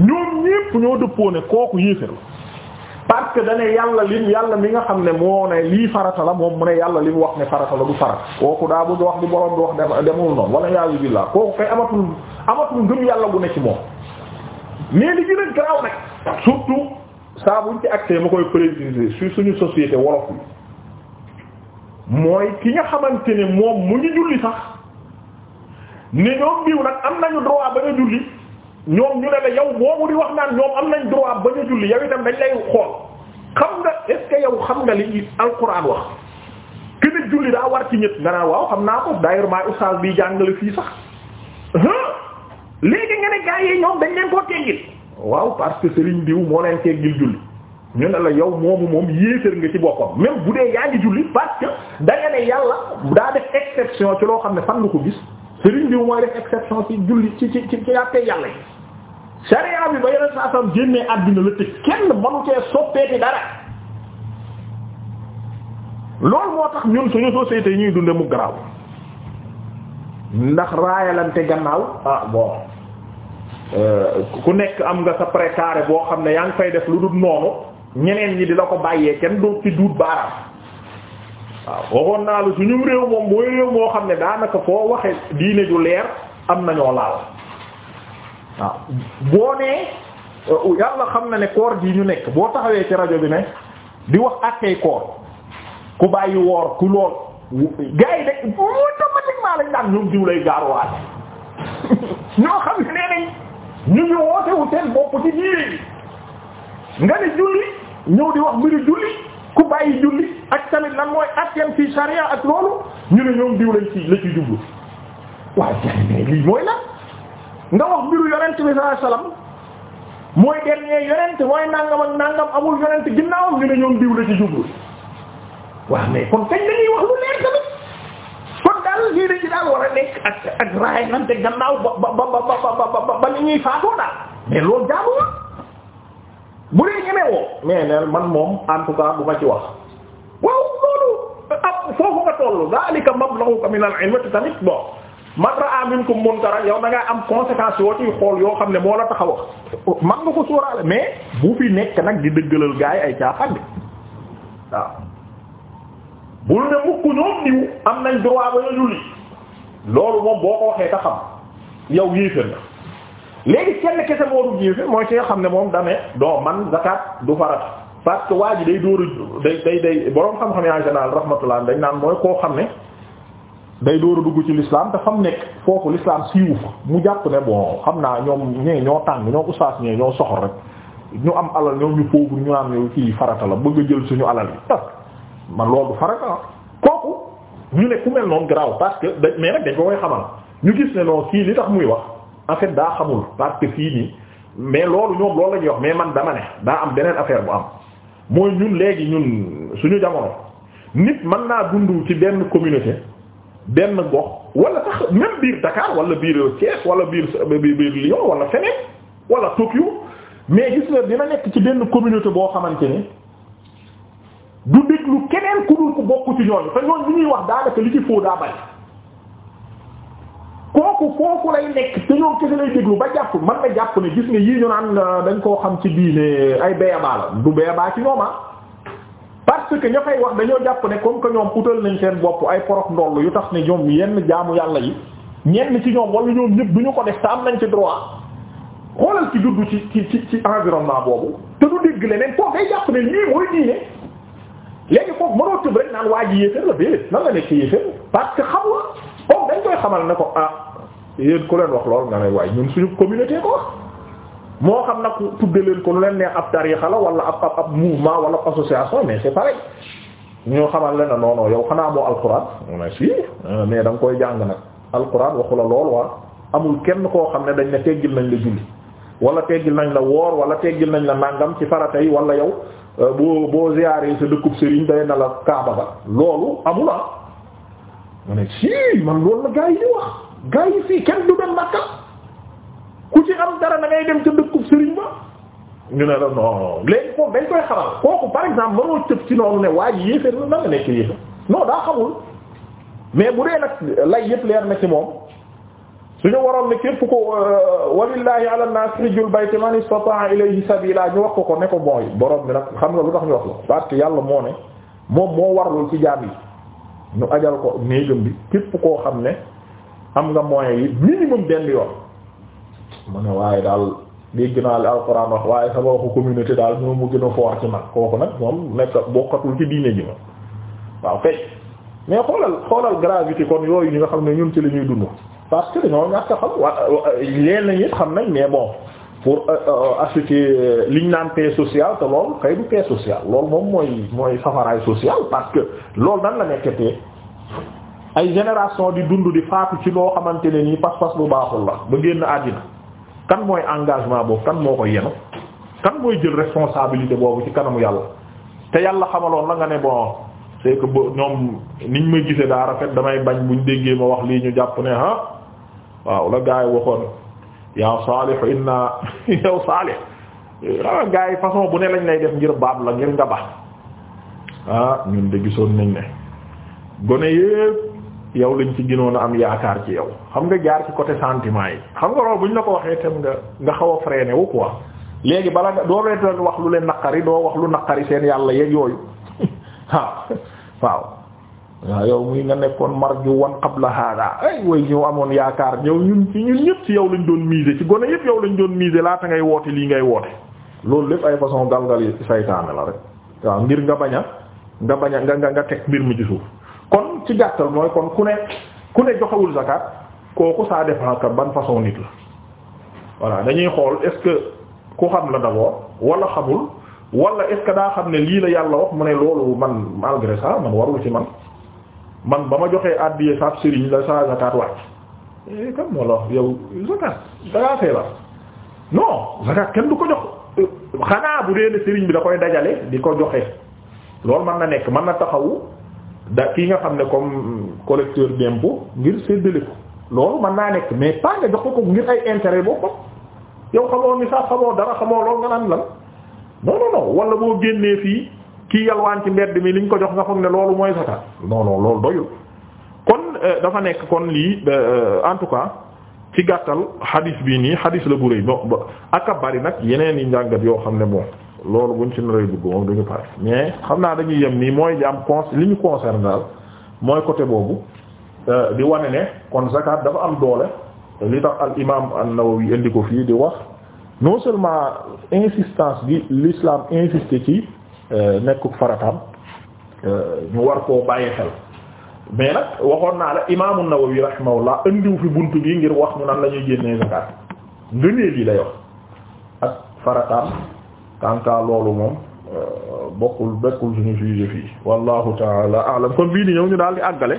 ñoom ñépp ñoo dëppoo ne kooku yéefér parce que dane yàlla li yàlla mi nga xam ne moo ne lii farata la moom mu ne yàlla lim wax ne farata la du farata kooku daa bu wax di borom di wax demul noonu wala yaasu billah kooku kay amatul amatul ngëm yàlla bu ne ci moom mais li gën a garaaw surtout saa ci accès ma koy préciser su suñu société wolof yi mooy ki nga xamante ne moom mu ngi julli sax ne ñoom biiw nag am nañu droit ba nga julli ñoom ñu ne la boobu di wax naan ñoom am nañ droit ba nga julli yow itam dañ lay xool xam nga est ce que xam nga li alquran wax ki julli daa war ci ñëpp nga naan waaw xam naa ko d'ailleurs maay oustaz bi jàngale fii sax léegi nga ne gaa yi ñoom dañ leen koo teggil waaw parce que Serigne diw moo leen teggil julli ñu ne la yow moomu moom yéeféer nga ci boppam même bu dee yaa ngi julli parce que da nga ne yàlla daa def exception ci loo xam ne fan nga ko gis Serigne diw mooy def exception ci julli ci ci ci ci àttee yàlla yi sariya bi ba yeneen saa sam la te kenn manu cee soppeeti dara loolu moo tax ñun suñu société ñuy dunde mu garaaw ndax raayalante gannaaw ah bon Euh, ku nekk am nga sa précaré boo xam ne yaa ngi fay def lu dul noonu ñeneen ñi di la ko bàyyee kenn doo ci duut baaraam waaw waxoon naa la suñu réew moom mooy réew moo xam ne daanaka koo waxee diine ju leer am nañoo laal waaw euh, xam na ne koor gi ñu nekk boo taxawee ci rajo bi ne di wax àttee ku bàyyi woor ku lool gars ñoom diw gaaruwaat ñoo xam ne nee ñu ngi woote wu seen bopp ci diine nga ne julli ñëw di wax mbiru julli ku bàyyi julli ak tamit lan mooy atteem ci charia ak loolu ñu ne ñoom diw lañ ci la ci jublu waaw jërëjëf lii mooy la nga wax mbiru yonent bi sallallahu alayhi wasallam mooy dernier yonent mooy nangam ak nangam amul yonent ginnaawam ñu ne ñoom diw la ci jublu waaw mais kon kañ la wax lu leer tamit. kon daal lii ci daal war a nekk ak ak raay nante gannaaw ba ba ba ba ba ni ñuy faatoo daal mais loolu jaaduwul man moom en tout cas bu ma ci wax waaw loolu ab foofu nga tollu zalika mablaghuka min al-ilm tamit bon man ra'a minkum munkara yow da ngaa am conséquence yoo ciy xool yoo xam ne moo la tax a wax man nga ko sóoraale mais bu fi nekk nag di dëggalal gaay ay caaxaan bi waaw bul ne mukk ñoom diw am nañ droit ñu julli loolu moom boo ko waxee ta xam yow yéefér na léegi kenn kese moodu yéefér mooy ki xam ne moom dane doo man zakat du farata parce que waa day dóor a day day day boroom xam-xam en général rahmatullah dañ naan mooy koo xam ne day dóor a dugg ci l'islam te fam nekk foofu l'islam siiwu fa mu jàpp ne bon xam naa ñoom ñee ñoo tàng ñoo ustaas ñee ñoo soxor rek ñu am alal ñoom ñu pauvre ñu naan ñow kii farata suñu alal yi man loolu farata ah. kooku ñu ne ku mel noonu garaaw parce que dañ mais nag dañ ko koy xamal ñu gis ne non kii li tax muy wax en daa xamul parce que fii nii mais loolu ñoom loolu la ñuy wax mais man dama ne daa am beneen affaire bu am mooy ñun léegi ñun suñu jamono nit mën naa dund ci benn communauté benn gox wala sax même biir Dakar wala biir Thiès wala biir biir Lyon wala feneen wala Tokyo mais gis nga dina nekk ci benn communauté boo xamante ni. du déglu keneen ku dul ko bokk ci ñooñu te ñooñu li ñuy wax daanaka li ci foo daa bari kooku foofu lay nekk te ñoom kese lay déglu ba jàpp man na jàpp ne gis nga yii ñu naan euh, dañ koo xam ci diine ay béyabaa la du béyabaa ci ñooma ah. parce que ña fay wax dañoo jàpp ne comme que ñoom utal nañ seen bopp ay porox ndoll yu tax ne ñoom yenn jaamu yàlla yi ñenn ci ñoom wala ñoom ñëpp duñu ko def te am nañ ci droit xoolal ci juddu ci ci ci environnement boobu te léegi foofu mënoo tëb rek naan waa ji yéeféer la déedéet nan nekk yéeféer parce que xam nga comme dañ koy xamal ne ko ah yéen ku leen wax lool nga ne waaye ñun suñu communauté ko wax moo xam nag tudde leen ko lu leen neex ab tariixa la wala ab ab ab mouvement wala association mais c'est pareil ñoo xamal leen ne non non yow xanaa moo alxuraan ah, mais si mais da koy jàng nag alxuraan waxu la lool waa amul kenn koo xam ne dañ ne teggil nañ la julli wala teggil nañ la woor wala teggil nañ la nàngam ci farata yi wala yow Euh, boo boo ziyaaree sa dëkkub sëriñ day na la kaaba ba loolu amul ah ma sii man loolu la gaa yi di wax gaa yi fii kenn du dem Makka ku ci am dara da ngay dem sa dëkkub sëriñ ba ñu ne la non léegi foofu dañ koy xamal kooku par exemple mënoo tëb ci noonu ne waa ji yéeféer na nga nekk yéeféer non daa xamul mais bu dee nag lay yëpp leer na si moom suñu waroon ne képp ko euh, walillahi ala nas rijul bayti man istata'a ilayhi sabila ñu wax ko ko ne ko mooy borom bi nag xam nga lu tax ñu la parce que yàlla moo ne moom moo warlul ci jaam yi ñu ajal ko néegam bi képp koo xam ne am nga moyens yi minimum benn yoon mu ne waaye daal dégg naa li alxuraan wax waaye sama waxu communauté daal ñoo mu gën a fort ci man kooku nag moom nekk bokkatul ci diine ji ma waaw kay mais xoolal xoolal gravité kon yooyu ñi nga xam ci la ñuy dund parce que dañoo ñàkk a xam wa leen nañ it xam nañ mais bon pour euh, euh, assurer euh, liñ naan paix sociale te loolu kay du paix sociale loolu moom mooy mooy safaraay social parce que loolu nan la nekkatee ay génération di dund di faatu ci loo xamante ne nii pas-pas bu baaxul la ba génn àddina kan mooy engagement boobu kan moo ko yenu kan mooy jël responsabilité boobu ci kanamu yàlla te yàlla xamaloon la nga ne bon c'est que bo ñoom niñ may gisee daa rafet damay bañ buñ déggee ma wax lii ñu jàpp ne ah waaw la gaa yi waxoon yaa Saalih inna yow Saalih ah gaa yi façon bu ne lañ lay def ngir baab la ngir nga ba ah ñun de gisoon nañ ne gone yépp yow lañ ci ginoon a am yaakaar ci yow xam nga jaar ci côté sentiment yi xam nga loolu bu ñu la ko waxee tam nga nga xaw a freiné wu quoi léegi bala nga doo leen wax lu leen naqari doo wax lu naqari seen yàlla yeeg yooyu waaw waaw yow muy nga nekkoon marjuwan qabla hada ay way ñu amoon yaakaar ñëw ñun ci ñun ñëpp ci yow lañ doon miser ci gone yëpp yow lañ doon miser laata ngay woote lii ngay woote loolu lépp ay façon galgal yi saytaane la rek waaw ngir nga bañ nga bañ a nga nga nga teg mbir mi ci suuf kon ci gàttal mooy kon ku ne ku ne joxewul zakat kooku ça dépend que ban façon nit la voilà dañuy xool est-ce que ku xam la d'abord wala xamul wala est ce daa xam ne lii la yàlla wax mu ne loolu man malgré ça man warul ci man man ba ma joxee àddiyee saab sëriñ la sa zakat wàcc eh kan moo la wax yow zakat dangaa fee la non zakat kenn du ko jox xanaa bu dee ne sëriñ bi da koy dajale di ko joxe loolu mën na nekk man na taxawu da kii nga xam ne comme collecteur d'impôt ngir séddale ko loolu mën naa nekk mais pas nga jox ko ko ngir ay intérêt boobu yow xamoo ni sax xamoo dara xamoo loolu nga naan lan. non non non wala boo génnee fii kii yalwaan ci mbedd mi liñ ko jox nga foog ne loolu mooy zakat non non loolu doyul kon euh, dafa nekk kon lii euh, en tout cas ci gàttal xadis bii nii xadis la bu rëy bon ak a bari nag yeneen yi njàngat yoo xam ne moom loolu buñ ci naree dugg moom dañu pare mais xam naa dañuy yem nii mooy di am con li ñu concerne daal mooy côté boobu euh, di wane ne kon zakat dafa am doole li tax al imaam an-Nawawi indi ko fii di wax. non seulement insistance gi l'islam insisté ci euh, nekkuk farataam euh, ñu war koo bàyyi xel mais nag waxoon naa la imaamu Nawawi rahimahullah andiw fi buntu bi ngir wax ñu nan lañuy ñuy génnee zakat ngëneel yi lay wax ak farataam kanta loolu moom euh, bokkul bekkul suñu sujet fii wallahu taala alam kon bii di ñëw ñu daal di àggale